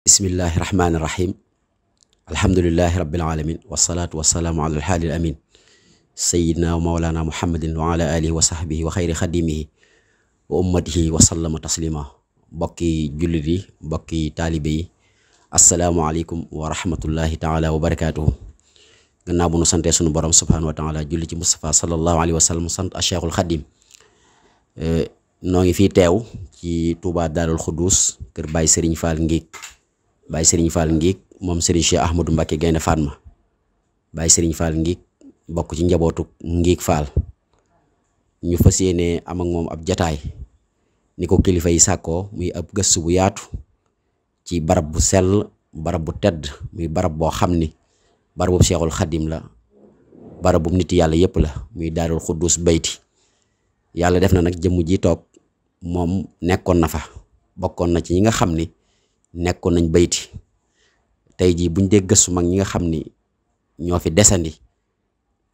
bismillahi rahmaani rahim alhamdulilahi rabbil alamin wasalaatu wasalaamu ala alxaalil amin sayidna wa mawlana muhammadin wa ala wa sahbihi wa xayri xadimihi wa ummatihi wa sallama yi mbokki taalibe yi asalaamualeykum wa rahmatullahi taala wa barakatuhu gannaaw bu nu santee sunu borom subhanahu wa taala julli ci Mustafa sallallahu alayhi wa sallam sant a cheikhul xadim eh, noo teew ci Tuubaa Daarul Xuddus kër Baay Faal Ngiig Baye Serigne Fall Ngik moom Serigne Cheikh Ahmadou Mbacke Gaynde Fatma Baye Serigne Fall Ngik bokk ci njabootu Ngik Fall ñu fas yéene am moom ab jataay ni ko kilifa yi sàkkoo muy ab gëstu bu yaatu ci barab bu sell barab bu tedd muy barab boo xam ni barabub Seexul Xadim la barabub nit yàlla yépp la muy daarul xuddus bayti yàlla def na nag jëmm ji toog moom nekkoon na fa bokkoon na ci ñi nga xam ni nekkoon nañ bayti tey jii buñ dee gëstu mag ñi nga xam ni ñoo fi desandi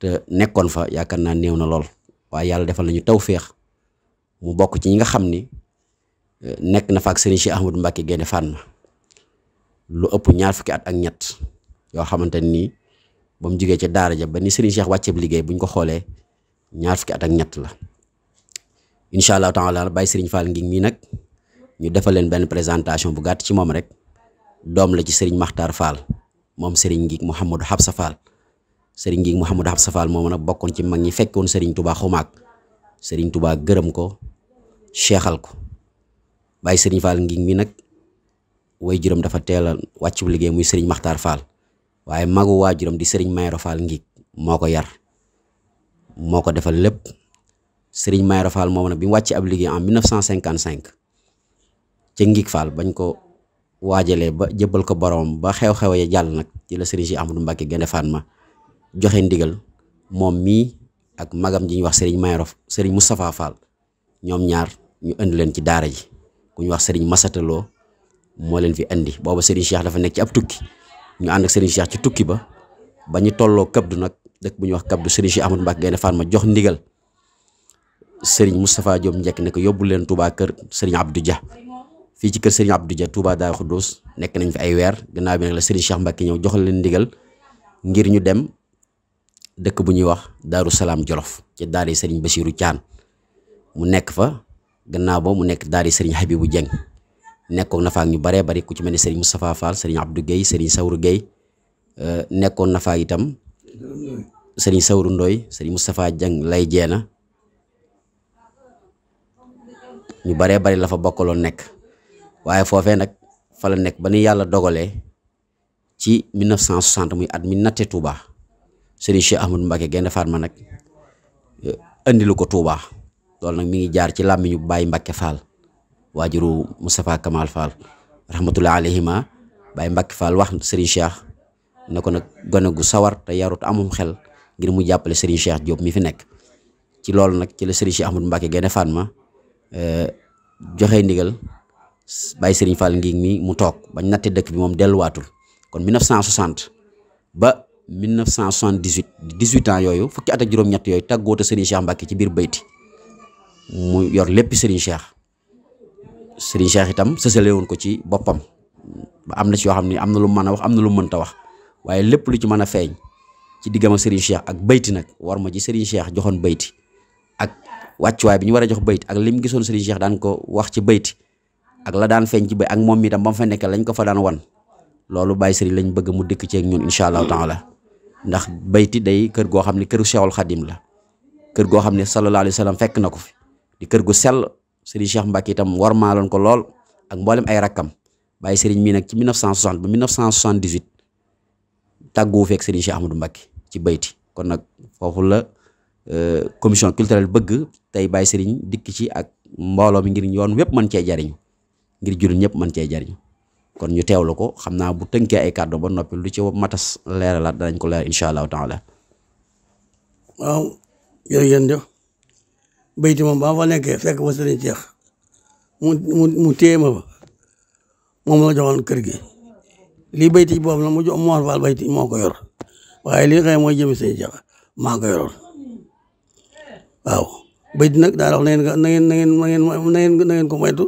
te nekkoon fa yaakaar naa néew na lool waaye yàlla defal nañu tawféex mu bokk ci ñi nga xam ni eh, nekk na fa ak Serigne Cheikh Ahmadou Mbacké Gaïndé Fatma lu ëpp ñaar fukki at ak ñett yoo xamante nii ba mu jugee daara ja ba ni Serigne Cheikh wàcceeb liggéey buñ ko xoolee ñaar fukki ak ñett la incha allahu taala bàyyi Serigne Fall ngi mii nag ñu defal leen benn présentation bu gàtt ci moom rek doom la ci sëriñ Makhtar Fall moom sëriñ Ngig Mouhamadou Habsa Fall sëriñ Ngig Mouhamadou Habsa Fall moom nag bokkoon ci mag ñi fekkoon sëriñ Touba xumaag sëriñ Touba gërëm ko seexal ko bàyyi sëriñ Fall Ngig mi nag way juróom dafa teel a wàcc bu liggéey muy sëriñ Makhtar Fall magu waa juróom di sëriñ Mayoro Fall Ngig moo ko yar moo ko defal lépp sëriñ Mayoro Fall moom nag bi mu wàccee ab liggéey en 1955. ca Ngig Fall bañ ko waajalee ba jëbbal ko borom ba xew-xew ya jàll nag ci la sëriñ si Ahmadou Mbacke Gaïndé Fatma joxe ndigal moom mii ak magam ji ñuy wax sëriñ Mayrof sëriñ Moustapha Fall ñoom ñaar ñu indi leen ci daara ji ku ñuy wax sëriñ Masataloo moo leen fi indi booba sëriñ Cheikh dafa nekk ci ab tukki ñu ànd ci tukki ba ba ñu tolloo Kabdu nag dëkk bu ñuy wax Kabdu sëriñ Cheikh Ahmadou Mbacke jox ndigal sëriñ Moustapha Diop njëkk ne ko yóbbu leen Touba kër sëriñ Abdou Dia fii ci kër Serigne Abdou Dia Touba Daaru Xuddus nekk nañ fi ay weer gannaaw bi nag la Serigne Cheikh Mbacke ñëw joxal leen ndigal ngir ñu dem dëkk bu ñuy wax Daaru Salaam Jolof ci daari Serigne Bassirou caan mu nekk fa gannaaw ba mu nekk daari Serigne Habibou Dieng nekkoon na fa ñu baree bari ku ci mel ne Serigne Moustapha Fall Serigne Abdou Guèye Serigne Sawru Guèye euh, nekkoon na itam sëriñ Sawru Ndoy Serigne Moustapha Dieng lay jeena ñu baree bari la fa bokkaloon nekk. waaye foofe nag fa la nekk ba ni yàlla dogalee ci 1960 muy at mi natte Touba Serigne Cheikh Ahmadou Mbacké Gaïndé Fatma nag indilu eh, ko Touba loolu nag mi ngi jaar ci làmmiñu Baye Mbacké Fall waajuru Moustapha Kamal Fall rahmatullahi alayhima Baye Mbacké Fall wax Serigne Cheikh ne ko nag gone gu sawar te yarut amum xel ngir mu jàppale Serigne Cheikh Diop mi fi nekk ci loolu nag ci la Serigne Cheikh Ahmadou Mbacké Gaïndé Fatma eh, joxe ndigal bàyyi Serigne Fall ngi mi mu toog ba nattee dëkk bi moom delluwaatul kon 1960 ba 1978 18 ans yooyu fukki at ak juróom-ñett yooyu tàggoote Serigne Cheikh Mbacke ci biir bayti mu yor lépp Serigne Cheikh Serigne Cheikh itam sësale woon ko ci boppam ba am na ci yoo xam ne am na lu mën a wax am na lu mënta wax waaye lépp lu ci mën a feeñ ci diggam ak Serigne Cheikh ak bayti nag war ma ci Serigne Cheikh joxoon bayti ak wàccuwaay bi ñu war a jox bayti ak lim gisoon Serigne Cheikh daan ko wax ci bayti. ak la daan feeñ ci ba ak moom itam ba mu fa nekk lañ ko fa daan wan loolu Baye Sëriñ lañ bëgg mu dikk ceeg ñun incha allahu taala ndax bayti day kër goo xam ne këru Cheikhul Khadim la kër goo xam ne sallallahu alayhi wa fekk na ko fi di kër gu sell Serigne Cheikh Mbacke itam warmaaloon ko lool ak mboolem ay rakkam Baye Sëriñ mii nag ci 1960 ba 1978 tàgguwu fekk Serigne Cheikh Ahmadou Mbacke ci bayti kon nag foofu la euh, commission culturelle bëgg tey Baye Sëriñ dikk ci ak mbooloo mi ngir yoon wépp mën cee jariñu ngir jullit ñëpp mën cee jariñu kon ñu teewlu ko xam naa bu tënkee ay kàddu ba noppi lu ci matas leeralaat danañ ko leer incha allahu taala waaw jërëjëf bayti moom ba ma mu mu mu téye ma fa moom la joxoon kër gi lii bayti boobu la mu jox Mor Fall bayti moo ko yor waaye lii xëy mooy jëmi sëriñ Ceex maa ko yoroon waaw bayti nag daa wax na ngeen ko moytu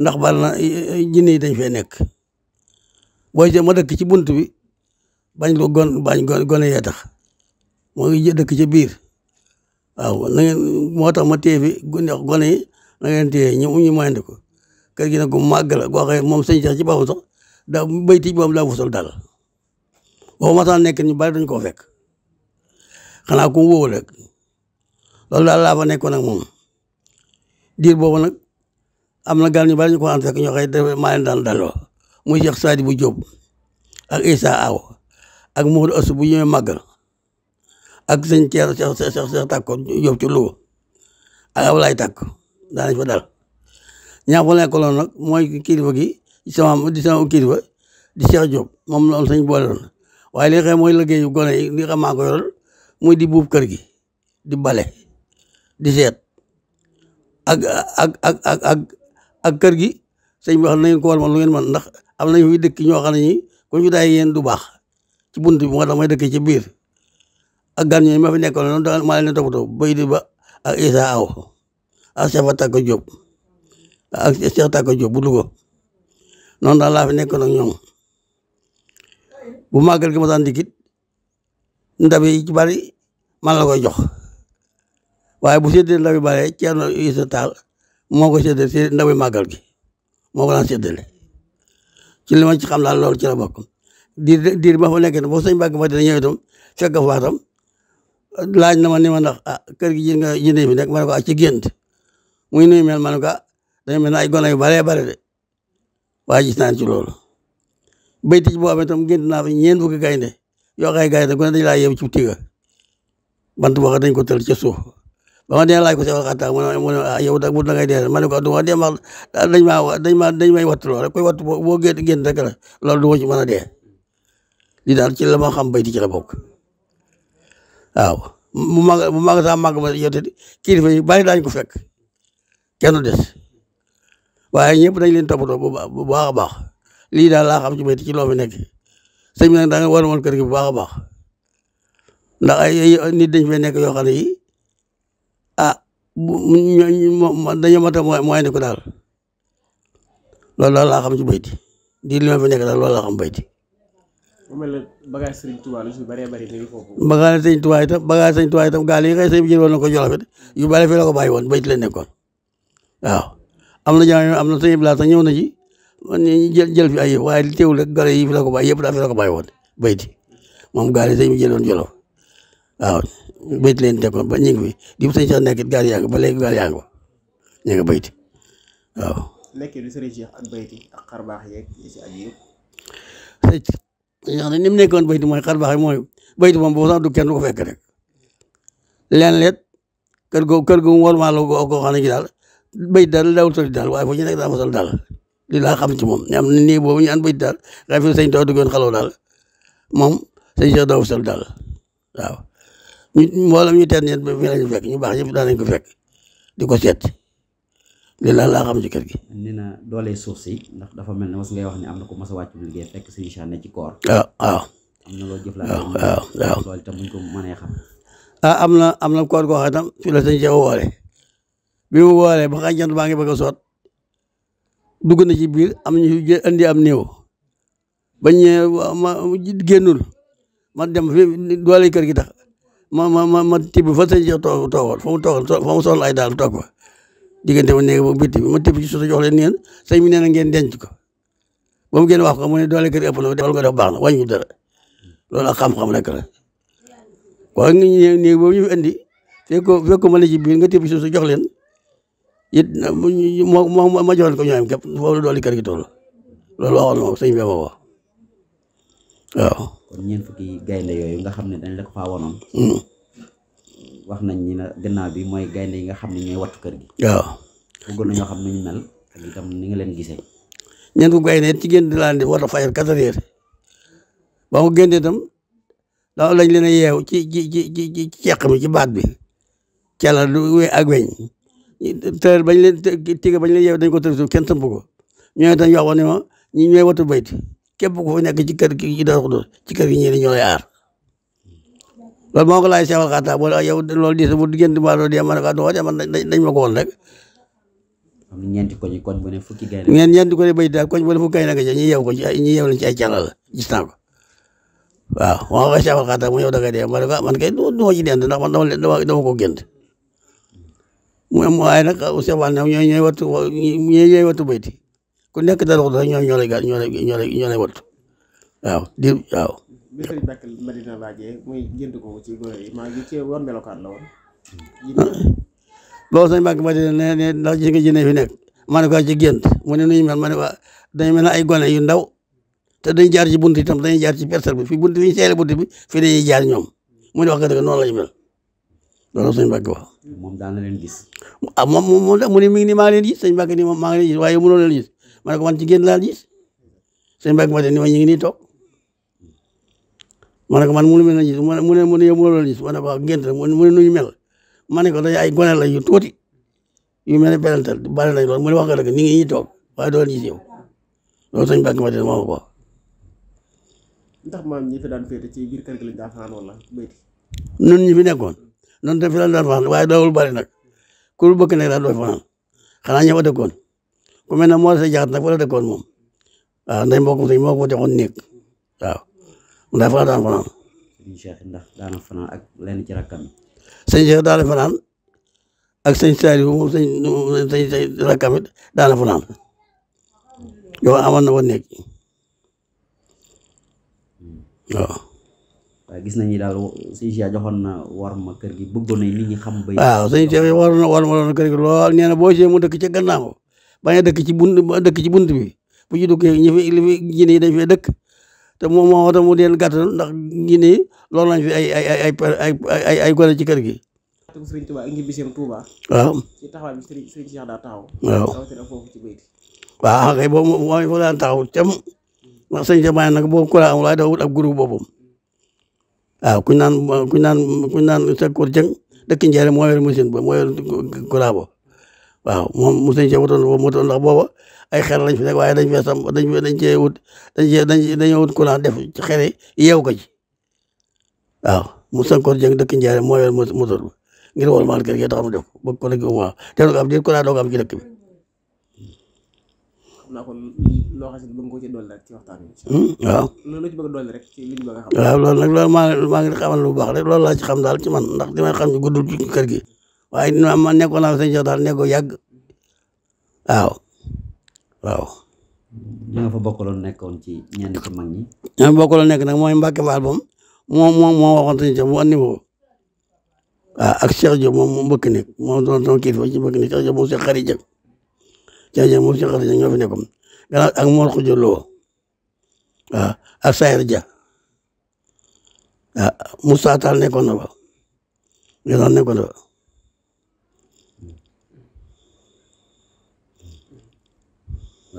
ndax bal na eh, eh, jinne yi dañ fe nekk booy jë ma dëkk ci bunt bi bañ ko gon bañ gone yee tax moo ngi dëkk ci biir waaw na moo tax ma téye fi ndax gone yi na ngeen téye ñu ñu ko kër gi nag gu màgg la goo xam moom sëñ sax ci boppam sax daa béyti boppam daa wusul dal boo ma sax nekk ñu bari dañ koo fekk xanaa ku mu wóowu rek loolu daal laa fa nekkoon ak moom diir boobu nag am na gan ñu bari ñu ko ànd fekk ñoo xëy def maa leen daloo muy Cheikh Sadi bu Diop ak Issa Aw ak Mawud Ousseau bu ñëwee màggal ak sëñ Thierno Cheikh Cheikh Cheikh Takko Diop ci Louga ak Ablaye Takko daanañ fa dal ñaa fa nekkaloon nag mooy kilifa gi sama di sama kilifa di Cheikh Diop moom boole woon waaye li xam mooy liggéeyu gone yi li xam maa ko yoral muy di buub kër gi di bale di seet ak kër gi sëñ bi wax nañ ko war man lu ngeen man ndax am nañ fi dëkk ñoo xam ne ñi ku ñu daay yéen du baax ci bunt bi moo tax may dëkk ci biir ak gan ñooñu ma fi nekkoon noonu daal maa leen toppatoo bay di ba ak Isa aw ak Cheikh Tako Diop ak Cheikh Tako Diop bu Louga noonu daal laa fi nekkoon ak ñoom bu màggal gi ma daan dikit ndab yi ci bari man la koy jox waaye bu séddee ndaw yi bare Ceerno Isa Taal moo ko séddale si ndawi màggal gi moo ko daan ci li ma ci xam daal loolu ci la bokk diir diir ba fa nekk boo sëñ Mbàkke ma dina ñëw itam laaj na ma ni ma ndax ah kër gi ji nga ji fi nekk ah, ci gént muy nuyu mel ma ne ah, mel ne ay gone yu baree bare de gis naa ci loolu béykat boo xam itam gént naa fi ñeent fukki gaynde yoo xay gaynde ku dañ laa yem ci tiga bant dañ ko tël ci su ba ma dee laaj ko Seexul Xattaab mu ne ah yow da wut na ngay dee ma ne ko du ma dee ma dañ ah, maa dañ ma may wattu rek ko wattu boo génn génn rek la loolu du ma ci mën a dee li daal ci la ma xam bayti ci la bokk waaw mu mag mu mag sax ma yow it kilifa yi bari daañu ko fekk kenn du des waaye ñëpp dañ leen toppatoo bu baax a baax lii daal laa xam ci bayti ci loo fi nekk sëñ bi nag da nga war woon kër gi bu baax a baax ndax ay nit dañ fay yoo xam yi mu ñooñu dañoo mot a mooy ko daal loolu daal laa xam ci bayti di li ma fi nekk daal loolu laa xam bayti. mu mel ne bagage Sëriñ Tuubaa lu ci bëree bëri tey foofu. bagage Sëriñ Tuubaa itam bagage Sëriñ Tuubaa gaal yi xëy sëriñ na ko Jolof yu bëri fii la ko bàyyi woon bayti la nekkoon waaw. am na jamono am na sëriñ bi ñëw na ji man ñu jël fi ay yëpp waaye li teewul rek yi fi la ko bàyyi yëpp daal ko bàyyi woon bayti moom gaal yi sëriñ bi jëloon Jolof béyt leen nekkoon ba ñu ngi fi di bu sëñ Cheikh nekkit yaa ngi ba léegi gaal yaa ngi fa ñu ngi béyti waaw. lekk du sëriñ baax yeeg yi ci aju mu nekkoon béyti mooy xar baax yi mooy béyti moom boo sax du kenn du fekk rek leen leet kër googu kër googu warmaaloo ko koo xam ne ci daal béyt daal waaye fu ñu daa fa daal li laa xam ci moom ñam nii boobu ñu an béyt daal nga fi sëñ doo duggoon xaloo daal moom sëñ Cheikh doo sol daal waaw ñu mboolem ñu teel ñett ba fi lañu fekk ñu baax yëpp daan nañ ko fekk di ko seet li la laa xam ci kër gi. nee na doole suuf si ndax dafa mel ne mos ngay wax ne am na ko mos a wàcc bu liggéey fekk suñu saa ne ci koor. waaw ah, waaw. am na loo jëflante ah, waaw waaw loolu itam buñ ko mënee xam. ah am na am na koor koo xam itam fi la sëñ Cheikh woore bi mu wooree ba xam jant baa ngi bëgg a soot dugg na ci biir am ñu indi am néew bañ ma génnul man dem fi doole kër gi tax. ma ma ma ma tibb fa sëñ Cheikh too toogoon fa mu toogoon fa mu sol ay daal toog fa diggante ma néeg ba bitti bi ma tibb ci suuf leen neen sëñ bi nee na ngeen denc ko ba mu ngeen wax ko mu ne doole kër ëpp na defal nga def baax na wàññi dara loolu a xam-xam rek la waaye nit ñi néeg boobu ñu fi indi fekkoo fekkoo ma la ci biir nga tibb ci suuf jox leen it moo ma joxoon ko ñoom képp foofu la doole gi toll loolu waxoon na waaw kon ñeent fukki gaynde yooyu nga xam ne dañ la ko faa wanoon hmm. wax nañ ni na gannaaw bi mooy gaynde yi nga xam ne ñooy wattu kër gi waaw bëggoon nañoo xam nañu mel ni nga leen gisee ñeent fukki gaynde ci génn laa ne war a fayal quatre heures ba mu génnee itam da lañ leen a yeew ci ci ci ci ceq mi ci baat bi cala du we ak weñ tër bañ leen tiga yeew dañ ko tër suuf kenn tëmp ko ñooy tam yoxoon ne ma ñi ñooy wattu bayt képp ku nekk ci kër gi ci Darou Khoudoss ci kër yi ñii dañoo lay aar loolu moo ko laaj Cheikh Alxatta boo yow loolu di sama diggante maa doon dee ma ne ko doo dee man dañ ma ko woon rek. ñeenti ko ñu koñ bu ne fukki gaynde ngeen ñeenti ko ñu ñu ko ci ñu yeew lañ ci ay càlla la gis naa ko dee ma ne ko man kay du ma ci dend ndax ko gént mu am waaye nag Cheikh Alxatta ñooy ñooy wattu ñooy ñooy ku nekk dara wax dëgg ñoo ñoo lay gàll ñoo lay waaw di waaw. bi sëriñ Mbacke Madina laajee muy jënd ko ci góor maa ngi ci war melokaan la woon. loolu sëriñ Mbacke Madina ne ne ndax gis ma ne ko ci gént mu ne nu ñu mel ma ne ko mel ne ay gone yu ndaw te dañu jaar ci bunt itam dañuy jaar ci personne bi fi bunt bi ñu seele jaar ñoom mu ne wax nga dëgg noonu daan na leen gis. Ah, mu ne mi ngi nii maa ngi leen gis sëriñ Mbacke maa ngi leen gis waaye mënoo ma ko man ci génn laa gis sëñ Mbacke Madani ma ñu ngi nii toog ma ko man mënu ma leen gis mu ne mu ne mu ne yow mënoo leen gis ma ne ko gént mu ne nu ñu mel ma ne ko day ay gone la yu tuuti yu mel ne perantal bari nañ lool mu ne wax nga ngi ñuy toog waaye doo leen gis yow loolu sëñ Mbacke Madani moo ko ndax maam ñi fi daan féete ci biir kër gi lañ daan ñi fi nekkoon noonu daf fi daan waaye doowul bari nag ku bëgg nekk daal doo fanaan xanaa ñëw a dëkkoon ku mel ne Mor Seye Diakhaté nag fa la dëkkoon moom waaw ndax mbokk mi moo ko joxoon néeg waaw ndax fanaan. ak lenn ci rakkam. sëñ Cheikh daan fanaan ak sëñ Saliou moom sëñ sëñ fanaan yow amoon na woon néeg waaw. waaw gis nañu daal na war ma kër na kër gi lool nee boo see mu dëkk ca gannaaw bañ a dëkk ci bunt dëkk ci bunt bi bu ñu duggee ñi fi li fi jinne yi dañ fee dëkk te moom moo tax mu deen gàttal ndax jinne yi loolu lañ fi ay ay gone ci kër gi. sëriñ seen Tuubaa. waaw ci taxawaay bi sëriñ sëriñ Cheikh daa taxaw. waaw rawatina foofu ci daan taxaw cam ndax sëñ Cheikh nag boobu ku la amul waaye dafa wut ab groupe waaw kuñ naan kuñ naan kuñ naan Seck Kour Dieng dëkk Njaaréem moo yor machine ba moo yor kuraa ba waaw mu mos nañ cee wutoon wutoon ndax booba ay xeer lañ fi nekk waaye dañ fee sam dañ fee dañ cee wut dañ cee dañ dañoo def ci xeer yi yeew ko ci waaw Moussa Nkor Dieng dëkk Ndiaye moo yor moteur bi ngir wol maal kër gi tax mu def ko du ko am diir courant doo ko am loo xam ne bëgg nga ko ci waxtaan bi. Hmm, waaw loolu la ci bëgg a a loolu nag loolu maa ngi maa ngi lu baax rek loolu laa ci xam daal ci man ndax li xam ne guddul kër gi. waaye ma nekkoon naa sëñ Cheikh daal nekk yàgg waaw waaw. fa bokkaloon nekkoon ci ñenn ci mag ñi. ñi nga bokkaloon nekk nag mooy Mbacke Fall moom moom moom moo waxoon sëñ Cheikh mu andi ma ko waaw ak Cheikh Diop moom mu bëgg nekk moom doon doon kii foofu ci bëgg nekk Cheikh Diop moom Cheikh Khary Dieng Cheikh Dieng moom Cheikh Khary Dieng ñoo ak Mor Khoudia Lo waaw ak Sayer Dia waaw Moussa Tall nekkoon na fa.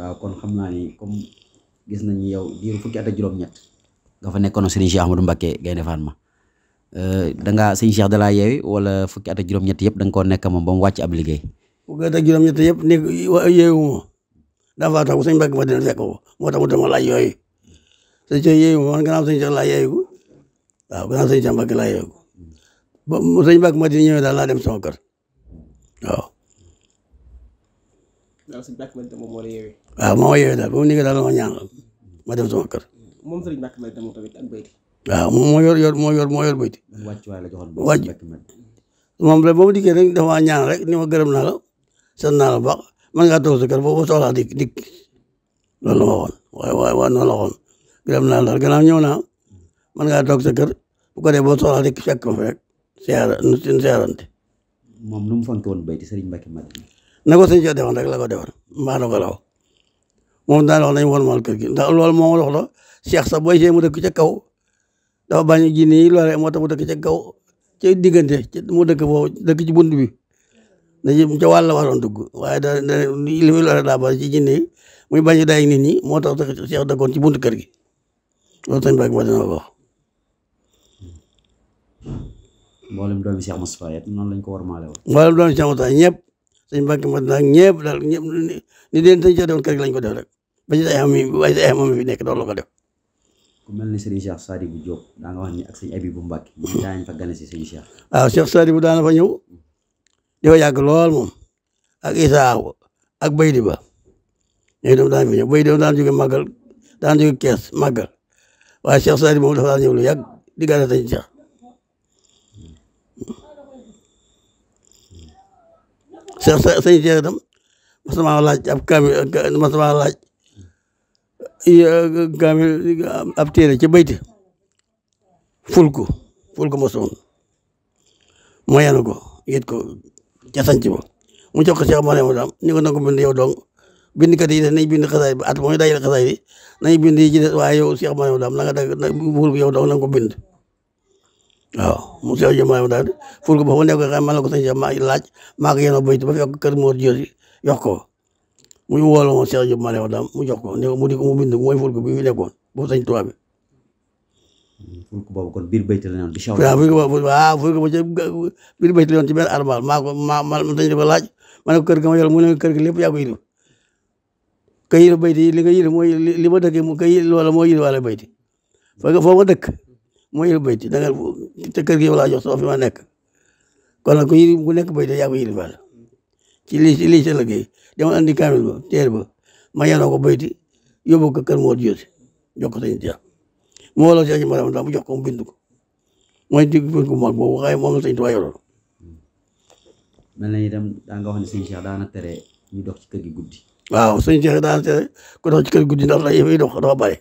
waaw kon xam naa ni comme gis nañu yow diiru fukki at ak juróom-ñett nga fa nekkoon sëriñ Cheikh Ahmadou Mbacké Gaïndé Fatma euh, da ngaa sëriñ Cheikh da laa yeewi wala fukki at ak juróom-ñett yëpp da nga koo nekk moom ba mu wàcc ab liggéey. fukki at ak juróom-ñett yëpp nekk yeewu ma daa faa tax sëñ Mbacké ma dina fekk ko moo tax mu demoon laaj yooyu sëñ Cheikh yeewu ma man gannaaw sëñ Cheikh laa yeewu waaw gannaaw sëñ Cheikh Mbacké laa yeewu ba sëñ Mbacké ma dina ñëwee daal laa dem sama kër waaw. waaw sëñ Mbacké ma dina moom moo la yeewee waaw moo ma yeewee daal ba mu nekk daal ma ñaanal ma dem sama kër. moom sëriñ Mbacke Madi tam tamit ak bayti. waaw moom moo yor yor moo yor moo yor bayti. wàcc waay la joxoon wàcc moom la boo ma dikkee rek dafa ñaan rek ni ma gërëm naa la sant naa la bu baax man ngaa toog sa kër boo soxlaa dikk dikk loolu la ma waxoon waaye waaye waaye noonu la waxoon gërëm naa la gannaaw ñëw naa man ngaa toog sa kër bu ko dee boo soxlaa dikk fekk ma fi rek seera nu suñu seerante. moom nu mu fonk woon bayti sëriñ Mbacke Madi. na ko sëñ Cheikh defoon rek la ko defoon mbaa la ko law moom daal wax nañu wormaal kër gi ndax lool moom wax la Cheikh sax booy see mu dëkk ca kaw dafa bañ jinne yi loole moo tax mu dëkk ca kaw ca diggante mu dëkk boobu dëkk ci bunt bi ci ca wàll waroon dugg waaye da li muy loole daa ci jinne yi muy bañ a day nit ñi moo tax Cheikh dëkkoon ci buntu kër gi loolu sëñ Mbacke ma dina ko mu mboolem doomi Cheikh noonu lañ ko wormaale woon. mboolem doomi ñëpp. sëñ Mbacke ma naa ñëpp daal ñëpp ni leen sëñ Cheikh defoon kër lañ ko def rek ba ci ay xam waaye ay xam fi nekk doon la ko def ku mel ni sëñ Cheikh Sadibou Diop daa wax ni ak sëñ Abibou Mbacke daañ fa gane si sëñ Cheikh di yàgg lool moom ak Isaa ak Baydi ba ñooy doom daan fi ñëw Baydi daan jóge kees màggal waaye Cheikh Sadibou moom dafa daan ñëw lu yàgg di gane sëñ Cheikh sa sa sëñ Cheikh laaj ab kaamil mas na maa laaj kaamil ab téere ci bayti ful ko ful ko mosoon moo yanu ko yét ko ca sanc mu jox ko Cheikh Mariama daam ni ko na ko bind yow dong bindkat yi nañ bind xasaay bi at mooy dajale xasaay yi nañ bind yi ci des waaye yow Cheikh Mariama daam na nga dag ful ko yow ko bind waaw mu seex jëmm maa daal ful ko ba ma nekk xam ma la ko sëñ maa laaj maa ko yéen a béykat ba fi yokk kër Mor Diop jox ko mu ñu woo la moom seex jëmm maa mu jox ko ne mu di ko mu bind mooy ful ko bi fi nekkoon boobu sëñ tubaab bi. ful ko biir béykat la ñu woon. ko ba ca biir béykat la maa ko maa ma dañ ko laaj ma ne ko kër ga ma yor mu ne kër gi lépp yaa ko yëngu ka yëngu béykat yi li nga yëngu mooy li ma dëkkee mu ka yëngu loola moo yëngu wàllu mooy yëngu béyti da nga te kër jox soo fi ma nekk kon ku yëngu ku nekk béyti yaa ko yëngu ci lii ci lii sa liggéey demal andi kaamil ba téer ba ma yanoo ko béyti yóbbu ko kër moo jóosi jox ko sëñ Tuubaa moo waral sëñ Maram daa mu jox ko ko mooy digg bu mag boobu waaye moom la sëñ Tuubaa yoroon. mel ne sëñ Cheikh daana tere ñu dox ci kër gi guddi. waaw sëñ Cheikh daana tere ku dox ci kër gi guddi ndax dafay dox dafa bare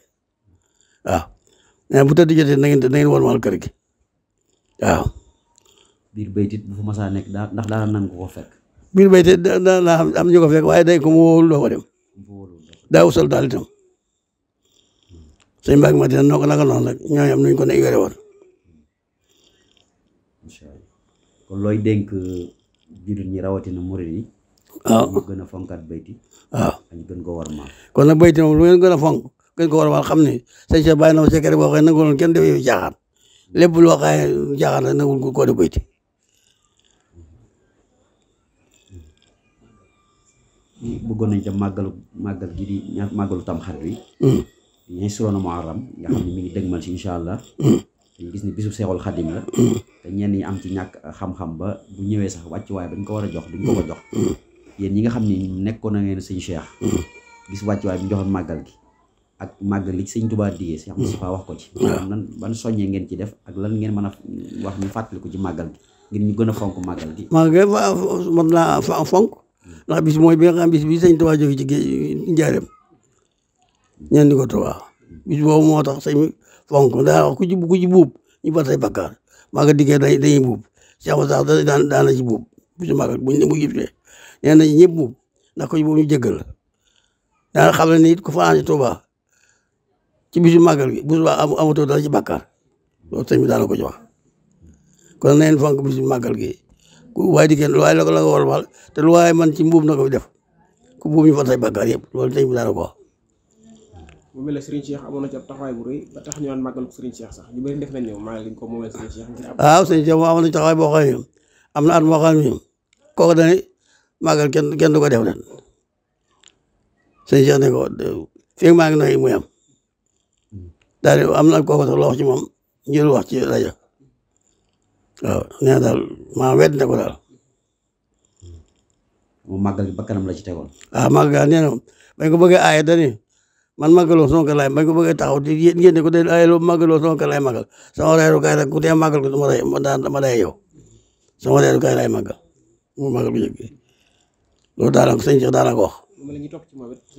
nee bu tëdd jotee na ngeen na ngeen walmaal kër gi waaw. biir bayt bu fa masaa nekk daa ndax daa nan ko ko fekk. biir bayt it daa am ñu ko fekk waaye day ko mu wóorul doo ko dem. daaw sol daal itam. sëñ Mbacke Madina noo ko noonu rek ñooñu am nuñ ko ne yore looy dénk uh, jullit rawatina murid yi. waaw ah. ñu gën a fonkaat bayti. waaw ah. ñu ko war maal. kon nag bayti moom lu ngeen gën a fonk. ngeen ko xam ne sëñ Cheikh bàyyi na ma secret boo xam ne nangu kenn def yow jaaxaan ko di goyti nañ tam màggalu màggal gi di ñaar màggalu tamxarit wi hmm. ñay suroona nga xam ne mu ngi dëgmal si incha allah hmm. dañ gis ne bisu seexul xadim la hmm. te ñenn ñi am ci ñàkk xam-xam ba bu ñëwee sax wàccuwaay bañ ko war a jox duñ ko ko jox yéen ñi nga xam ne nekkoon na ngeen sëñ Cheikh gis wàccuwaay bi ñu màggal gi ak màggal li sëñ Tuubaa digee Cheikh wax ko ci hmm. nan ban soññee ngeen ci def ak lan ngeen man a wax mu fàttali ko ci màggal gi ngir ñu gën a fonk màggal gi màggal mën naa fonk ndax bis mooy bi nga xam bis bi sëñ Tuubaa jóge ci njaareem ñeen di ko Tuubaa bis boobu moo tax sëñ fonk daa wax ku ci ku ci ñu ba say bakkaar màggal diggee da dañuy buub Cheikh Moustapha da daan daan na ci buub bisu màggal buñ ne mu yibtee na ñëpp daana xam ne nit ku fanaan ci Tuubaa ci bisu màggal gi bu subaa amatoo dara ci bàkkaar loolu sëñ bi daana ko ci wax kon nañ fonk waaye di kenn lu waaye la ko la nga war a te lu waaye man ci mbuum na ko def ku mbuum ñu fa say bàkkaar yëpp loolu sëñ bi daana ko wax. mu mel ne Serigne Cheikh amoon na ci taxawaay bu tax ñu naan màggal ko sax ñu def nañ ñëw ko moomel Serigne Cheikh ngir waaw ah, Serigne Cheikh moom amoon na ci taxawaay boo xam ne am na at moo xam ne kooku dañuy màggal kenn kenn du ko def ren Serigne Cheikh ne ko fii maa ngi noyyi muy am daal am na kooku sax loo wax ci moom njël wax ci rajo waaw nee daal maa wedd na ko daal. mu màggal ba kanam la ci tegoon. a màggal nee na bañ ko bëggee aaye dani man màggaloo sama kër laay bañ ko bëggee taxaw di ngeen ne ko de aaye loo màggaloo sama kër laay màggal ku dee màggal ko dama rey dama day yow sama reeru kaay laay màggal mu màggal bu njëkk loolu daanaka sëñ Cheikh daanaka wax. sëñ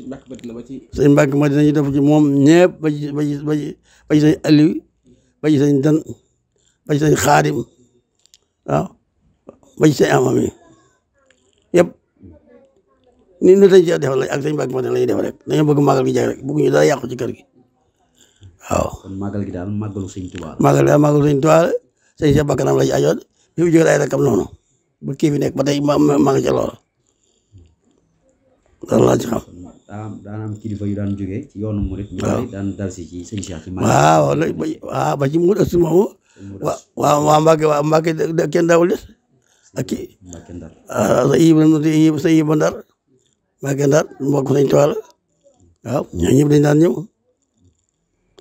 Mbàkke Madina ba ci. sëñ Mbàkke Madina ñu topp ci moom ñëpp ba ci ba ci ba ci ba ci ba ci sëñ Dan ba ci sëñ Xaadim waaw ba ci sëñ Amam yi yëpp ni ñu dañ defal ak sëñ Mbàkke Madina la ñuy def rek dañoo bëgg màggal gi jaay rek dara yàqu ci kër gi waaw. kon gi daal màggalu sëñ Tuubaa. màggal gi daal màggalu sëñ Tuubaa sëñ Cheikh Bakkanam la ci ajoon bi mu jógee ay rakam noonu ba kii bi nekk ba tey maa ngi ca loolu laa ci xam. daan am kilifa yu daan jógee ci yoonu murit. wa waaw waa Mbacke waa Mbacke ah, sa yii ba sa yii ba Ndar Mbacke Ndar mbokk sëñ Tuubaa la waaw ñooñu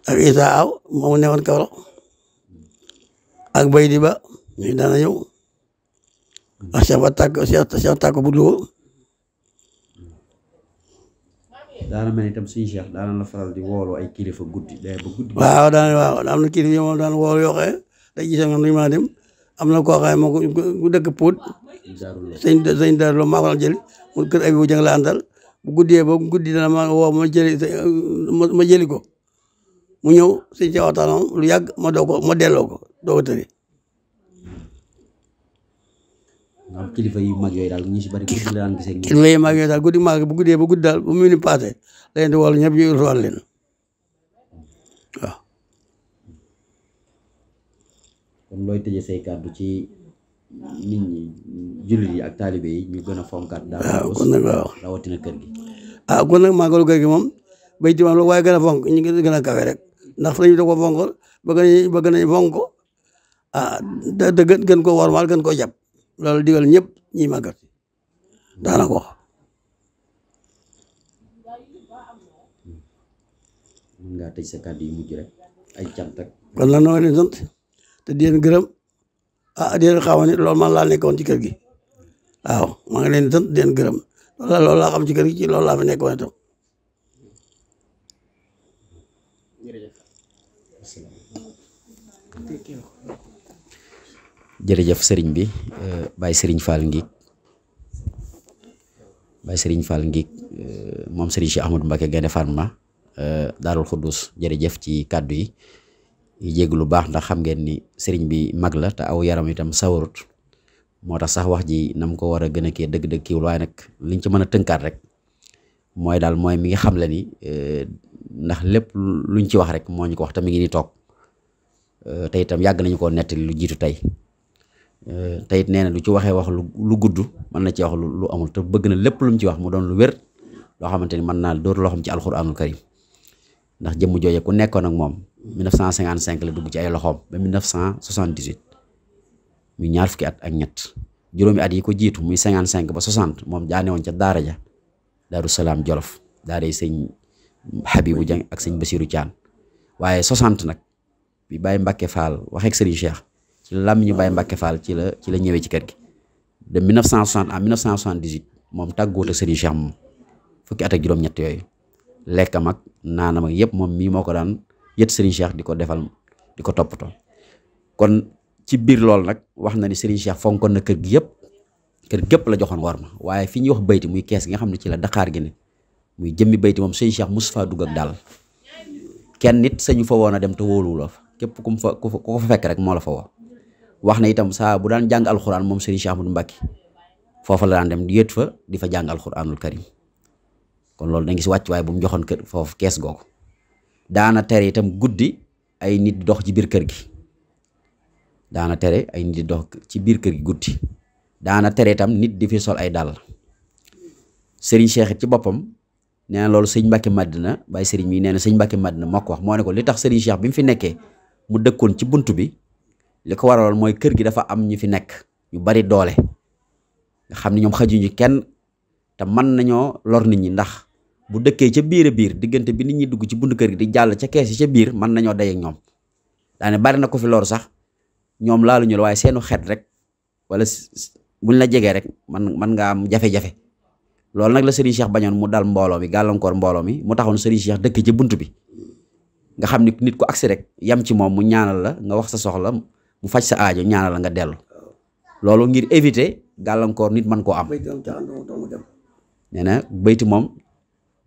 ak Isa Aw moomu newoon Kaolack ak Baydi Ba ñu daan ñëw ak Cheikh Ba Tàkk Cheikh daana mel itam suñu cheikh daana la faral waaw am na kilifa yoo xam daan woolu yoo xam bu guddee ba guddi ma woo ma jëli ma jëli ko ñëw sëñ lu yàgg ma doo ko ma delloo ko doo ko tëri am yu mag yooyu daal ñu si bari guddi daan gisee daal guddi mag bu guddee kon looy tëjee say kàddu ci nit ñi jullit yi ak taalibe yi ñu gën a fonkaat. daal waaw kon kër gi. ah kon nag màggalu kër gi moom béy ci maanaam waaye gën a fonk ñu ngi gën a kawe rek ndax fa la ñu doon ko fonkal bëgg nañu bëgg fonk ko ah te gën gën koo warmaal gën koo jàpp. loolu digal ñëpp ñiy màggat daana ko wax mën ngaa tëj sa kàddu yu di leen gërëm ah di leen xaw a ne loolu man laa nekkoon ci kër gi waaw maa ngi leen di sant gërëm loolu loolu ci kër gi ci loolu laa fi nekkoon itam jërëjëf sëriñ bi euh, Baye sëriñ Fall Ngik Baye sëriñ Fall Ngik euh, moom sëriñ si Ahmadou Mbacke Gaynde Fatma euh, Daarul Xuddus jërëjëf ci kàddu yi yi jégg lu baax ndax xam ngeen ni sëriñ bi mag la te aw yaram itam sawarut moo tax sax wax ji nam ko war a gën a kii dëgg-dëgg kiiwul waaye nag liñ ci mën a tënkaat rek mooy daal mooy mi ngi xam le ni ndax lépp luñ ci wax rek moo ñu ko wax te mi ngi ni toog te itam yàgg nañu ko nettali lu jiitu tey Euh, te it nee na du ci waxee wax lu lu gudd mën na ci wax lu amul te bëgg na lépp lu mu ci wax mu doon lu wér loo xamante ni mën naa dóor loo xam ci alxuraanul karim ndax jëmm jooje ku nekkoon nag moom 1955 la dugg ci ay loxoom ba 1978 muy ñaar fukki at ak ñett juróomi at yi ko jiitu muy 55 ba 60 moom jaane woon ca daara ja daaru salaam jolof daara yi sëñ Habibou Dieng ak sëñ Basirou Thian waaye 60 nag bi Baye Mbacke Fall waxeeg Serigne Cheikh. ci la làmmiñu Baye Mbacke Fall ci la ci la ñëwee ci kër gi de 1960 à 1978 moom tàggoot ak Serigne Cheikh moom fukki at ak juróom-ñett yooyu lekkam ak naanam ak yëpp moom mii moo ko daan yët Serigne Cheikh di ko defal di ko toppatoo kon ci biir loolu nag wax na ni Serigne Cheikh fonkoon na kër gi yëpp kër gépp la joxoon war ma waaye fi ñuy wax bayti muy kees gi nga xam ne ci la daqaar gi ne muy jëmmi bayti moom Serigne Cheikh mosu faa dugg ak daal kenn nit sañu fa woon a dem te wóoluwuloo fa képp ku mu fa ku fa fekk rek moo la fa woo wax na itam saa bu daan jàng alxuraan moom Serigne Cheikh Ahmadou mbakki foofa la daan dem yéet fa di fa jàng alxuraanul karim kon loolu da si wàcc waaye bu mu joxoon kër foofu kees googu daana tere itam guddi ay nit di dox ci biir kër gi daana tere ay nit dox ci biir kër gi guddi daana tere nit di fi sol ay dàll Serigne Cheikh ci boppam nee na loolu sëñ Mbacke na bàyyi sëriñ mi nee na sëñ Mbacke Madina na ko wax moo ne ko li tax Serigne Cheikh bi mu fi nekkee mu dëkkoon ci bunt bi li ko waraloon mooy kër gi dafa am ñu fi nekk ñu bari doole nga xam ne ñoom xajuñu kenn te mën nañoo lor nit ñi ndax bu dëkkee ca biir biir diggante bi nit ñi dugg ci buntu kër gi di jàll ca kees yi ca biir mën nañoo day ñoom daane bari na ko fi lor sax ñoom laalu ñu la waaye seenu xeet rek wala buñ la jegee rek man mën nga am jafe loolu nag la Serigne Cheikh bañoon mu dal mbooloo mi gàllankoor mbooloo mi mu taxoon Serigne Cheikh dëkk ci bunt bi nga xam ni nit ko agsi rek yam ci moom mu ñaanal la nga wax sa soxla mu faj sa aajo ñaanal nga dellu loolu ngir éviter gàllankoor nit mën koo am nee na bayti moom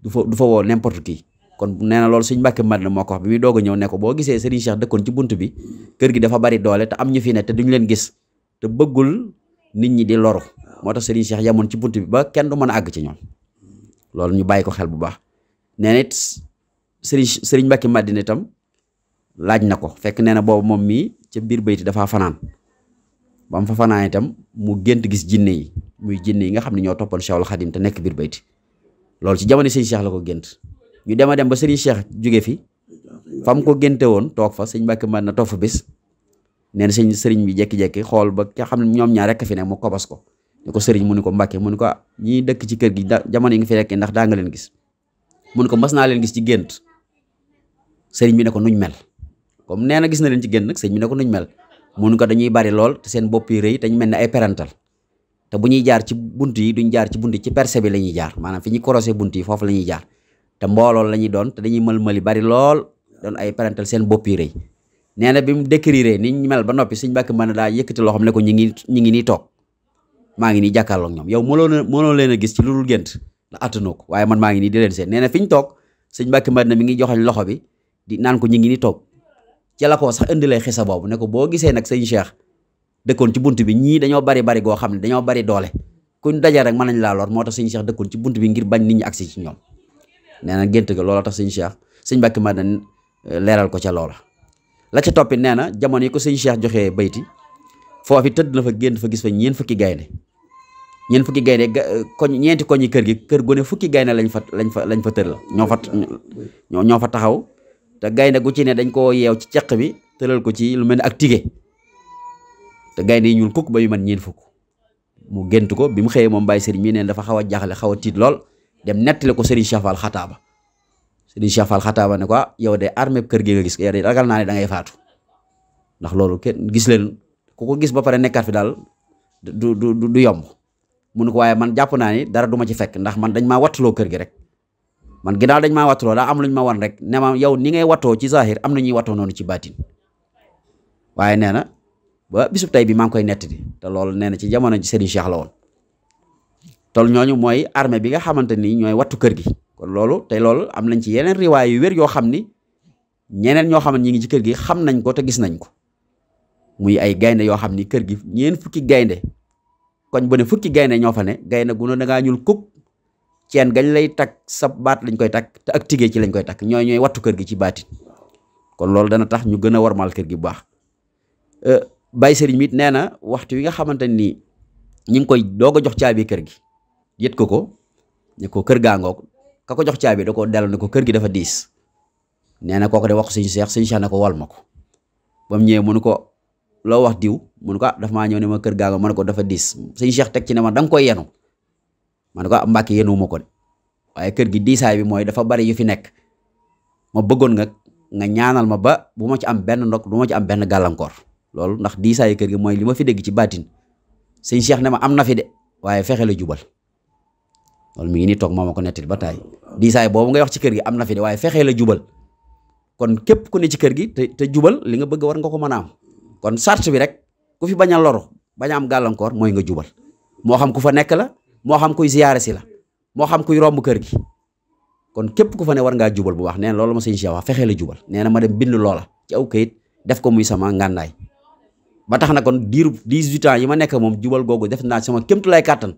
du fa du fa woo n'importe qui kon nee na loolu suñ mbàkke mat na moo doog ñëw ne ko boo gisee Serigne Cheikh dëkkoon ci bunt bi kër gi dafa bari doole am ñu fi ne te duñu leen gis te bëggul nit ñi di loru moo tax Serigne Cheikh ci bunt bi ba kenn du mën a àgg ci ñoom loolu ñu bàyyi ko xel bu baax nee na it Serigne Serigne Mbàkke Madina itam laaj na ko fekk nee na boobu moom mii ci biir bayti dafaa fanaan ba fa fanaan itam mu gént gis jinne yi muy jinne yi nga xam ne ñoo toppoon Cheikhul Khadim te nekk biir bayti loolu ci jamono sëñ Cheikh la ko gént ñu dem a dem ba sëriñ Cheikh jóge fi fa ko génte woon toog fa sëñ Mbàkke mën na toog fa bis nee sëñ sëriñ bi jekki xool ba nga xam ñoom ñaar rekk fi ne kobas ko ni ko sëriñ mu ko Mbàkke mu ni ko ah, dëkk ci kër gi jamono yi nga fi nekkee ndax daa nga leen gis mu ni ko mës naa leen gis ci gént sëriñ bi ne ko nuñ mel comme nee na gis na leen ci génn nag sëñ bi ne ko nuñ mel mun ko dañuy bari lool te seen bopp yi rëy dañ mel ni ay perantal te bu ñuy jaar ci bunt yi duñ jaar ci bunt yi ci percé bi la ñuy jaar maanaam fi ñuy korosé bunt yi foofu la ñuy jaar te mboolool la ñuy doon te dañuy mël-mëli bari lool doon ay perantal seen bopp yi rëy nee na bi mu décrire ni ñu mel ba noppi suñ bàkk mën daa yëkkati loo xam ne ko ñi ngi ñi ngi nii toog maa ngi nii jàkkaarloog ñoom yow mënoo mënoo leen gis ci lu dul gént la man maa ngi nii di leen seen nee na fi ñu toog suñ bàkk mën na mi ngi joxoñ loxo bi di naan ko ñu ngi nii toog ca sax indi lay xisa boobu ne ko boo gisee nag sëñ Cheikh dëkkoon ci bunt bi ñii dañoo bari bari goo xam ne dañoo bari doole kuñ dajee rek mën nañ laa lor moo tax sëñ Cheikh dëkkoon ci bunt bi ngir bañ nit ñi agsi ci ñoom nee na gént ga loola tax sëñ Cheikh sëñ Mbàkke ma leeral ko ca loola la ca toppi nee na jamono yi ko sëñ Cheikh joxee bayti foofu tëdd na fa génn fa gis fa fukki gaynde ñeen fukki gaynde koñ ñeenti koñi kër gi kër gu ne fukki gaynde lañ fa lañ fa lañ fa tër la ñoo ñoo fa taxaw te gaynde gu ci ne dañ koo yeew ci ceq bi tëral ko ci lu mel ne ak tige te gaynde yi ñuul kukk ba yu man ñiin fukk mu gént ko bi mu xëyee moom bàyyi sëriñ mi neen dafa xaw a jaxle xaw a tiit lool dem nettali ko sëriñ Chafal xataaba sëriñ Chafal xataaba ne ko ah, yow de armée kër gi nga gis yow de ragal naa ne dangay faatu ndax loolu kenn gis leen ku ko gis ba pare nekkaat fi daal du du du yomb mu ne ko waaye man jàpp naa ni dara duma ci fekk ndax man dañ maa wattuloo kër gi rek man ginnaaw dañ maa wattuloo daa am ma wan rek ne ma yow ni ngay wattoo ci zahir am na ñuy wattoo noonu ci baatin nee na ba tey bi maa ngi koy nettali te loolu nee na ci jamono ji Serigne Cheikh la woon ñooñu mooy armée bi nga xamante ni ñooy wattu kër gi kon loolu tey loolu am nañ ci yeneen riwaayu wér yoo xam ni ñeneen ñoo xam ne ñi ngi ci kër gi xam nañ ko te gis nañ ko muy ay gaynde yoo xam ni kër gi ñeen fukki gaynde koñ bu ne fukki gaynde ñoo fa ne gaynde gu ne da ngaa ñuul kuk ceen gañ lay takk sa baat lañ koy takk te ak tigee ci lañ koy takk ñooy ñooy wattu kër gi ci baatin kon loolu dana tax ñu gën a warmaal kër gi bu baax euh, bàyyi sëriñ mit nee na waxtu wi nga xamante ni ñi ngi koy doog a jox caabi kër gi yët ko ko ne ko kër gaangoog ka ko jox caabi da ko delloo ne ko kër gi dafa diis nee na kooku de wax suñu seex suñu seex ne ko wal ma ko ba ñëwee mënu ko loo wax diw mënu ko ah dafa maa ñëw ne ma kër gaangoog mënu ko dafa diis suñu seex teg ci ne ma danga nga koy yenu ma ne ko ah Mbàkke yéenuwuma ko de waaye kër gi diisaay bi mooy dafa bari yu fi nekk ma bëggoon nga nga ñaanal ma ba bu ma ci am benn ndok du ma ci am benn gàllankoor loolu ndax diisaayu kër gi mooy li ma fi dégg ci baatin sëñ Cheikh ne ma am na fi de waaye fexe la jubal loolu mi ngi nii toog moo ma ko nettali ba taay diisaay boobu ngay wax ci kër gi am na fi de waaye fexe la jubal kon képp ku ne ci kër gi te te jubal li nga bëgg war nga ko mën kon sart bi rek ku fi bañ a loru bañ am gàllankoor mooy nga jubal moo xam ku fa nekk la. moo xam kuy ziyaare si la moo xam kuy romb kër gi kon képp ku fa ne war ngaa jubal bu wax nee na loolu ma sëñ Cheikh wax fexee la jubal nee na ma dem bind loola ci aw kayit def ko muy sama ngànnaay ba tax na kon diiru 18 ans yi ma nekk moom jubal googu def naa sama lay kàttan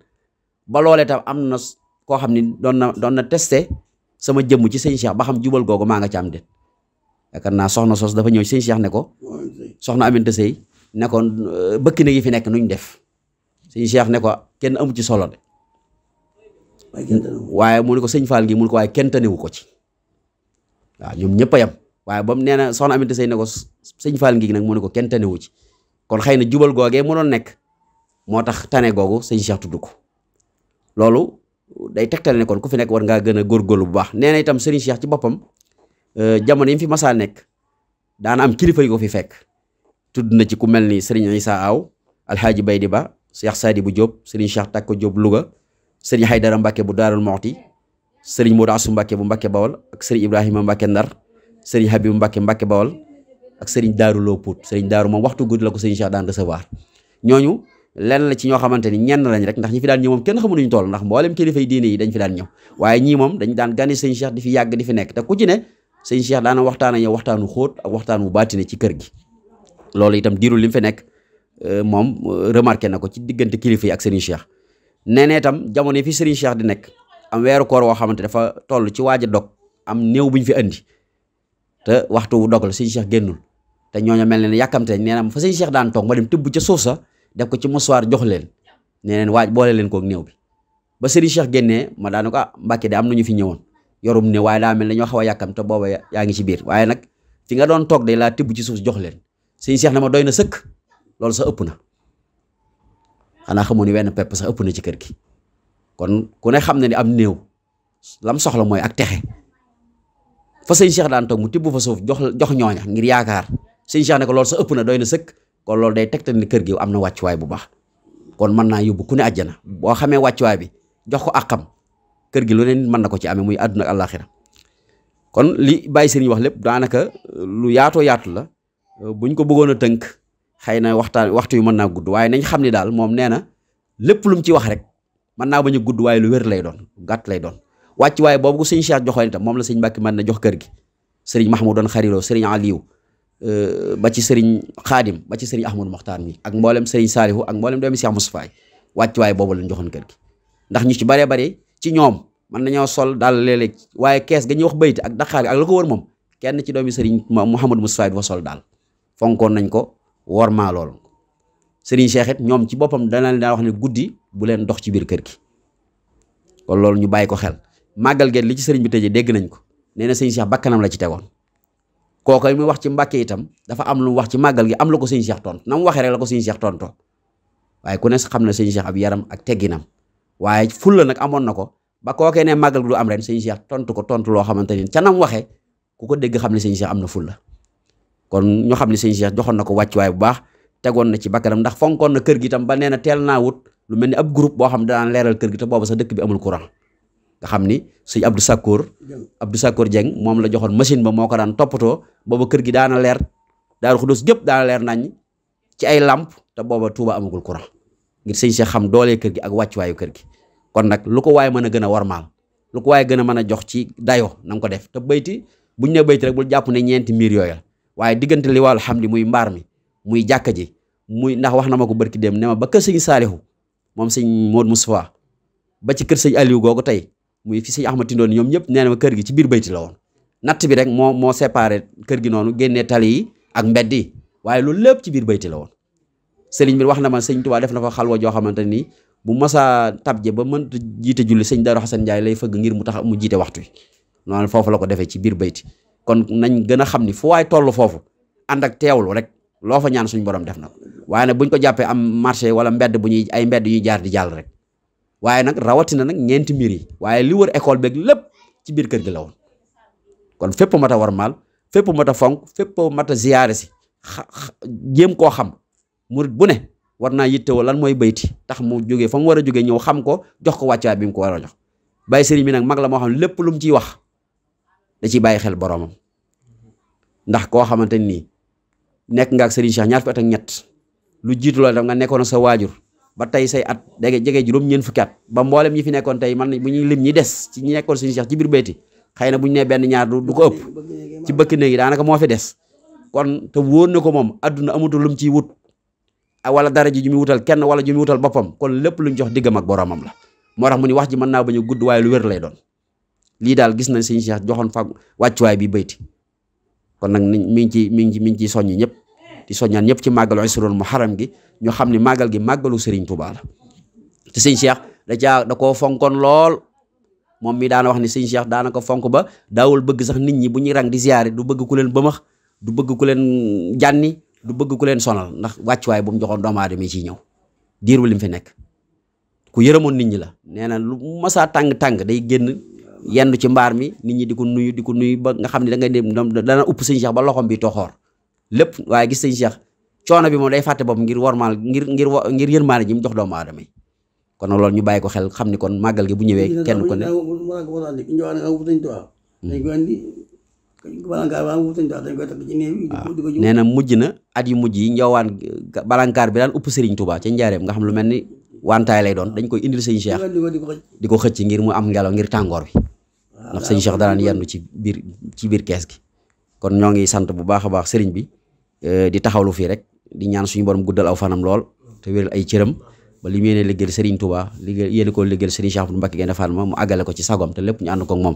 ba loolee tam am na koo xam ni doon na doon na testé sama jëmm ci sëñ Cheikh ba xam jubal googu maa nga ci am déet yaakaar naa soxna sos dafa ñëw sëñ Cheikh ne ko soxna Aminta Sey ne ko bëkki na yi fi nekk nuñ def sëñ Cheikh ne ko kenn amu ci solo de waaye mu ne ko sëñ faal gi mu ne ko waaye kenn tanewu ko ci waaw ñoom ñëpp a yem waaye ba mu nee na soxna Aminata Sey ne ko sëñ Fall gi nag mu ne ko kenn tanewu ci kon xëy na jubal googee mu doon nekk moo tax tane googu sëñ Cheikh tudd ko loolu day tegtale ne kon ku fi nekk war ngaa gën a góorgóorlu bu baax nee sëriñ Cheikh ci boppam euh, jamono yi fi masaa nekk daana am kilifa yu ko fi fekk tudd na ci ku mel ni sëriñ Issa Aw alxaaji Baydi Ba Cheikh Sadi bu Diop sëriñ Cheikh Takko Diop Louga sëriñ Haydara Mbacke bu Daarul Moxti sëriñ Modou Assou Mbacke bu Mbacke Bawol ak sëriñ Ibrahima Mbacke Ndar sëriñ Habib Mbacke Mbacke Bawol ak sëriñ Daaru loo Loopuut sëriñ Daaru moom waxtu guddi la ko sëriñ Cheikh daan recevoir ñooñu lenn la ñoo xamante ñenn lañ rek ndax ñi fi daan ñëw moom kenn xamuñu toll ndax mboolem kilifa yi diine yi dañ fi daan ñëw waaye ñii moom dañ daan gane sëriñ Cheikh di fi yàgg di fi nekk te ku ci ne sëriñ Cheikh daana waxtaan ak yow waxtaanu xóot ak waxtaan wu baatine ci kër gi loolu itam diiru li mu fi nekk euh, moom euh, remarqué na ko ci diggante kilifa ak sëriñ Cheikh nee na itam jamono yi fi Serigne Cheikh di nekk am weeru koor woo xamante dafa toll ci waaja a dog am new bu ñu fi andi te waxtu wu dog la Serigne Cheikh génnul te ñooñu mel ne ne yàkkamte nee na fa Serigne Cheikh daan ma dem tëbb ca suuf sa def ko ci mosuwaar jox leen nee waaj boole leen koog néew bi ba Serigne Cheikh génnee ma daanu ko ah Mbàkke de am nañu fi ñëwoon yorum ne waaye daa mel ne ñoo xaw a yàkkamte booba yaa ngi ci biir waaye nag fi nga doon toog day laa tibb ci suuf jox leen Serigne Cheikh na ma doy na sëkk loolu sa ëpp na xanaa xamoo ni wenn pepp sax ëpp na ci kër gi kon ku ne xam na ni am néew lam soxla mooy ak texe fa sëñ Cheikh daan toog mu tibb fa suuf jox jox ñooña ngir yaakaar sëñ Cheikh ne ko loolu sax ëpp na dooy na sëkk kon loolu day tegtal ni kër gi am na wàccuwaay bu baax kon mën naa yóbbu ku ne àjjana boo xamee wàccuwaay bi jox ko àqam kër gi lu ne nit mën na ko ci amee muy àdduna ak kon li bàyyi sëriñ wax lépp daanaka lu yaatoo yaatu la buñ ko bëggoon a tënk xëy na waxtaan waxtu yu mën naa gudd waaye nañ xam ni daal moom neena lépp lu mu ci wax rek mën naa bañ a gudd waaye lu wér lay doon gàtt lay doon wàcc waaye boobu sëñ Cheikh joxoon itam moom la sëñ Mbàkke mën na jox kër gi sëriñ Mahmoudan Xarilo sëriñ Aliou euh, ba ci sëriñ Xaadim ba ci sëriñ Ahmadou Moxtaar mi ak mboolem sëriñ Saalihu ak mboolem doomi Cheikh Moustapha yi wàcc waaye boobu lañ joxoon kër gi ndax ñu ci baree bare ci ñoom mën nañoo sol daal léeg-léeg waaye kees ga ñuy wax bayte ak daqaar gi ak la ko wër moom kenn ci doomi sëriñ Mouhamadou Moustapha yi dafa sol daal fonkoon nañ ko wormaa lool sëriñ Cheikh it ñoom ci boppam dana leen daa wax ne guddi bu leen dox ci biir kër gi kon loolu ñu bàyyi ko xel màggal geet li ci sëriñ bi tëjee dégg nañ ko nee na sëriñ Cheikh bakkanam la ci tegoon kooka mu wax ci mbàkke itam dafa am lu wax ci màggal gi am la ko sëriñ Cheikh tontu na mu waxee rek la ko sëriñ Cheikh tontoo waaye ku ne xam na sëriñ Cheikh ab yaram ak tegginam waaye fulla nag amoon na ko ba kookee ne màggal gi am ren sëriñ Cheikh tontu ko tontu loo xamante ni ca nam waxee ku ko dégg xam ne sëriñ Cheikh am na la kon ñoo xam ne sëñ Cheikh joxoon na ko wàccuwaay bu baax tegoon na ci bakkanam ndax fonkoon na kër gi itam ba nee na teel naa wut lu mel ni ab groupe boo xam ne daan leeral kër gi te booba sax dëkk bi amul courant nga xam ni sëñ Abdou Sakkour Abdou Sakkour Dieng moom la joxoon machine ba moo ko daan toppatoo booba kër gi daana leer daaru xudus gépp daana leer nañ ci ay làmp te booba tuuba amagul courant ngir sëñ Cheikh xam doolee kër gi ak wàccuwaayu kër gi kon nag lu ko waaye mën a gën a warmaal lu ko waaye gën a mën a jox ci dayo na nga ko def te bayti buñ ne bayti rek bul jàpp ne ñeenti miir yooyal waaye diggante li liwaal xam li muy mbaar mi muy jàkka ji muy ndax wax na ma ko bërki dem ne ma ba kër sëñ Saalihu moom sëñ moo Modou Moustapha ba ci kër sëñ Aliou googu tey muy fi sëñ Ahmad Tindoon ñoom ñëpp nee na ma kër gi ci biir bayti la woon natt bi rek moo moo séparé kër gi noonu génnee tali yi ak mbedd waaye loolu lépp ci biir bayti la woon sëriñ bi wax na ma sëñ Tuubaa def na fa xalwa joo xamante ni bu tab jee ba mënta jiite julli sëñ Daaru Xasan Njaay lay fëgg ngir mu tax mu jiite waxtu wi noonu foofu la ko defee ci biir bayti kon nañ gën a xam ni fu waay toll foofu ànd ak teewlu rek loo fa ñaan suñu borom def na ko waaye nag buñ ko jàppee am marché wala mbedd bu ñuy ay mbedd yuy jaar di jàll rek waaye nag rawatina nag ñeenti mbir yi waaye li wër école beeg lépp ci biir kër gi la woon kon fépp mat a war maal fépp mat a fonk fépp mat a ziyaare si jéem koo xam murit bu ne war naa yittewoo lan mooy bayti tax mu jógee fa mu war a jógee ñëw xam ko jox ko wàccuwaay bi mu ko war a jox bàyyi sëriñ bi nag mag la moo xam lépp lu mu ciy wax da ciy bàyyi xel boromam ndax koo xamante ni nekk nga ak Serigne Cheikh ñaar fi at ñett lu jiitu loolu tam nga nekkoon sa waajur ba tey say at dégg jege juróom-ñeent fukki at ba mboolem ñi fi nekkoon tey man bu ñu lim ñi des ci ñi nekkoon Serigne Cheikh ci biir bayti xëy na bu ñu nee benn ñaar du ko ëpp ci bëkk néeg daanaka moo fi des kon te wóor na ko moom adduna amatul lu mu ciy wut wala dara ji ju mu wutal kenn wala ji mu wutal boppam kon lépp lu luñ jox diggam ak boromam la moo tax mu ni wax ji mën naa bañ a gudd waaye lu wér lay doon lii daal gis nañ sëñ Cheikh joxoon fa wàccuwaay bii bay kon nag mi ngi ci mi ngi ci mi ngi ciy soññi ñëpp di soññaan ñëpp ci màggalu Isrul Muharram gi ñoo xam ni màggal gi màggalu Serigne Touba la te sëñ da koo fonkoon lool moom mi daana wax ni sëñ Cheikh daana ko fonk ba daawul bëgg sax nit ñi bu ñuy rang di ziyaare du bëgg ku leen bëmax du bëgg ku leen jànni du bëgg ku leen sonal ndax wàccuwaay bu mu joxoon doomu aadama yi ciy ñëw diir bu lim fi nekk ku yërëmoon nit ñi la nee na masaa tàng-tàng day génn yenn ci mbaar mi nit ñi di ko nuyu di ko nuyu ba nga xam ne da ngay dem dana upp sëñ Cheikh ba loxom bi toxoor lépp waaye gis sëñ Cheikh coono bi moom day fàtte bopp ngir warmaal ngir ngir ngir yërmaane ji mu jox doomu aadama kon loolu ñu bàyyi ko xel xam ni kon màggal gi bu ñëwee kenn ko ne na mujj na at yu mujj yi njawaan balankaar bi daan upp sëriñ Touba ca njaareem nga xam lu mel ni wantaay lay doon dañ koy indil sëñ Cheikh di ko xëcc ngir mu am ngelaw ngir tàngoor bi ndax sëñ Cheikh danaan yendu ci biir ci biir kees gi kon ñoo ngi sant bu baax a baax sëriñ bi eh, di taxawlu fii rek di ñaan suñu borom guddal aw fanam lool te wéral ay cëram ba li mu yéene liggéeyal sëriñ Touba liggéey yéene ko liggéeyal sëriñ Cheikh Abdou Mbacké Gaïndé Fatma mu àggale ko ci sagoom te lépp ñu ànd ko ak moom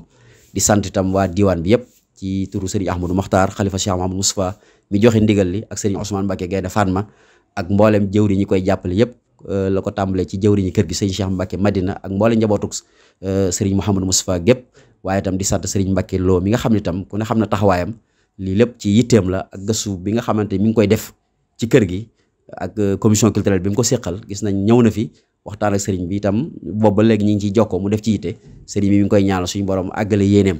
di sant itam waa diwaan yëpp ci turu sëriñ Ahmadou Makhtar xalifa Cheikh Mahamadou Moustapha mi joxe ndigal li ak sëriñ Ousmane Mbacké Gaïndé Fatma ak mboolem jëwri ñi koy jàppale yëpp eh, la ko tàmbalee ci jëwriñu kër gi sëriñ Cheikh Mbacké Madina ak mboolem njabootuk eh, sëriñ Mouhamadou Moustapha gépp waaye itam di sant Serigne Mbacke loo mi nga xam ni tam ku ne xam ne taxawaayam lii lépp ci yitteem la ak gëstu bi nga xamante mi ngi koy def ci kër gi ak euh, commission culturelle bi mu ko seqal gis nañ ñëw na fi waxtaan ak Serigne bi itam ba léegi ñu ngi ciy jokkoo mu def ci yitte Serigne bi mi koy ñaanal suñu borom àggale yéeneem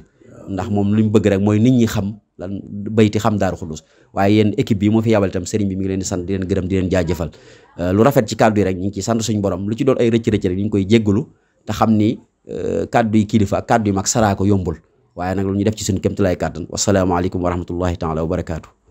ndax moom li mu bëgg rek mooy nit ñi xam lan bayti xam daaru xudus waaye yéen équipe bi moo fi yabal itam Serigne bi mi ngi leen di sant di leen gërëm di leen jaajëfal euh, lu rafet ci kàddu yi rek ñu ngi sant suñu borom lu ci doon ay rëcc rëcc rek ñu ngi koy jéggalu te xam ni Euh, kàddu yi kilifa ak kàddu yi mag saraa ko yombul waaye nag lu ñu def ci suñu kéemtalaay kàttan wasalaamaaleykum wa rahmatullahi taala wa barakaatu.